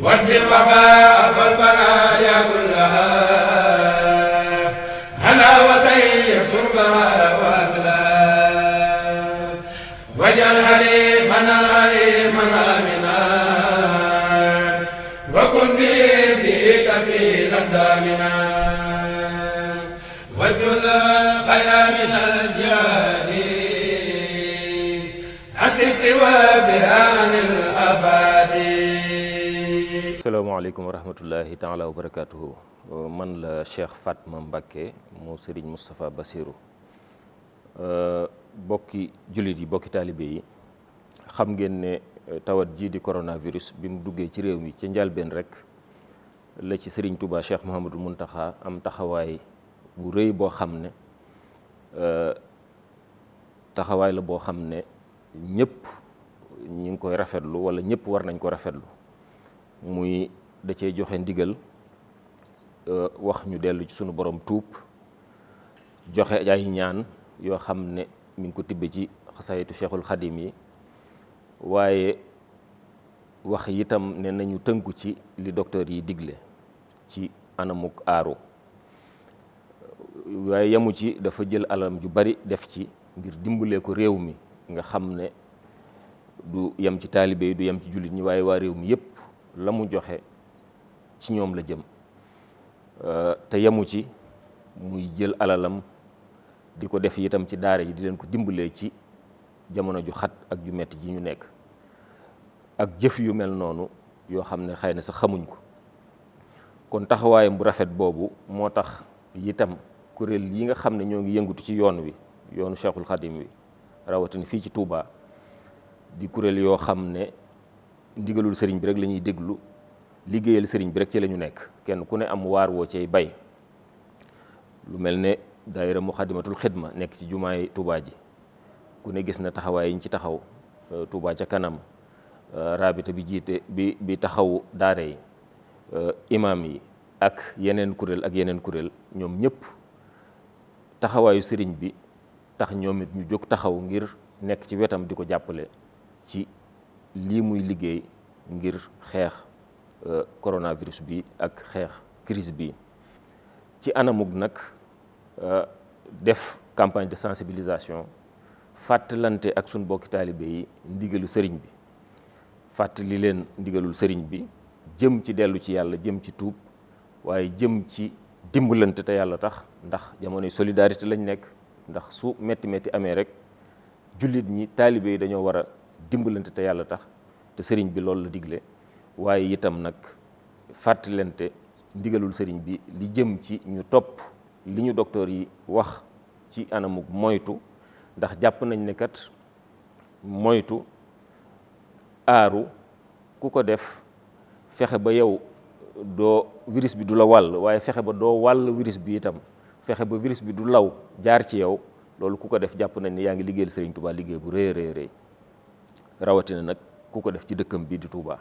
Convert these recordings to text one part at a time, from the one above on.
وادفع الوباء والبلايا كلها هلاوتي شربها واكلها واجعل حليفنا حليفنا امنا وكن بيدي كفيلا دامنا واجعل خير من الجاهلين أسف وبها عن الأباء salaamaaleykum wa rahmatullahi taala wa barakaatuhu man la Cheikh Fatma Mbacké mu Serigne Moustapha Bassirou euh, bokki jullit yi bokki taalibe yi xam ngeen ne euh, tawat jii di korona virus bi mu duggee ci réew mi ca njalbeen rek la ci Serigne Touba Cheikh Mouhamadul Mountakha am taxawaay bu rëy boo xam ne euh, taxawaay la boo xam ne ñépp ñu ngi koy rafetlu wala ñëpp war nañ ko rafetlu muy da cee joxe ndigal euh, wax ñu dellu ci sunu borom tuub joxe ay ñaan yoo xam ne mi ngi ko tibbe ci xasaayitu cheikhul xadim yi waaye wax itam ne nañu tënku ci li docteur yi digle ci anamuk aaru waaye yamu ci dafa jël alam ju bari def ci ngir dimbalee ko réew mi nga xam ne du yam ci taalibe yi du yem ci jullit ñi waaye waa réew mi yépp la mu joxe ci ñoom la jëm euh, te yamu ci muy jël alalam di ko def itam ci daare ji di leen ko dimbalee ci jamono ju xat ak ju metti ji ñu nekk ak jëf yu mel noonu yoo xam ne xëy na sax xamuñ ko kon taxawaayam bu rafet boobu moo tax itam kuréel yi nga xam ne ñoo ngi yëngatu ci yoon wi yoonu Cheikhul Khadim wi rawatina fii ci Touba di kuréel yoo xam ne ndigalul sëriñ bi rek lañuy déglu liggéeyal sëriñ bi rek ci lañu nekk kenn ku ne am waar woo cay bay lu mel ne daayira muxadimatul xidma nekk ci jumaay Touba ji ku ne gis na taxawaay yi ñu ci taxaw euh, Touba ca kanam euh, raabita bi jiite bi bi taxaw daare yi euh, imaam yi ak yeneen kuréel ak yeneen kuréel ñoom ñëpp taxawaayu sëriñ bi tax ñoomit ñu jóg taxaw ngir nekk ci wetam di ko jàppale ci lii muy liggéey ngir xeex euh, coronavirus bi ak xeex crise bi ci anamug nag euh, def campagne de sensibilisation fàttalante ak suñ bokki taalibe yi ndigalu sëriñ bi fàttali leen ndigalul sëriñ bi jëm ci dellu ci yàlla jëm ci tuub waaye jëm ci dimbalante te yàlla tax ndax jamonoy solidarité lañ nekk ndax su metti metti amee rek jullit ñi taalibe yi dañoo war a dimbalante te yàlla tax te sëriñ bi loolu la digle waaye itam nag fàttalante ndigalul sëriñ bi li jëm ci ñu topp li ñu docteur yi wax ci anamuk moytu ndax jàpp nañ ne kat moytu aaru ku ko def fexe ba yow doo virus bi du la wàll waaye fexe ba doo wàll virus bi itam fexe ba virus bi du law jaar ci yow loolu ku ko def jàpp nañ ne yaa ngi liggéeyal Sëriñ Tuubaa liggéey bu rëy rëy rëy rawatina nag ku ko def ci dëkkam bii di Touba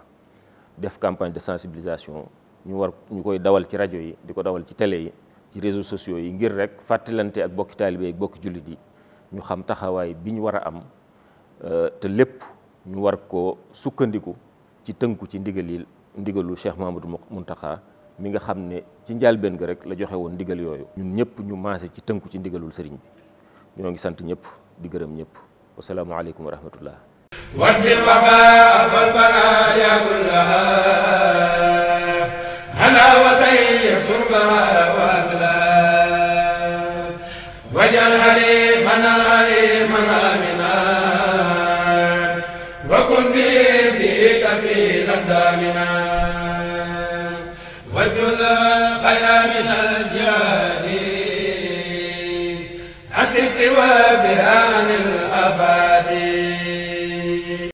def campagne de sensibilisation ñu war ñu koy dawal ci rajo yi di ko dawal ci télé yi ci réseau sociaux yi ngir rek fàttalante ak bokki taalibe ak bokki jullit yi ñu xam taxawaay bi ñu war a am euh, te lépp ñu war ko sukkandiku ci tënku ci ndigal yi ndigalu Cheikh Mamadou Muntaxa mi nga xam ne ci njaalbeen gi rek la joxe woon ndigal yooyu ñun ñëpp ñu maase ci tënku ci ndigalul sëriñ bi ñoo ngi sant ñëpp di gërëm ñëpp wasalaamualeykum wa واكفي الوباء والبلايا كلها هلاوتي يسربها وأدلى واجعل حليفنا الحليما آمنا وكن بيديك في لندامنا واجعل خير من الجاهلين أسد وبها عن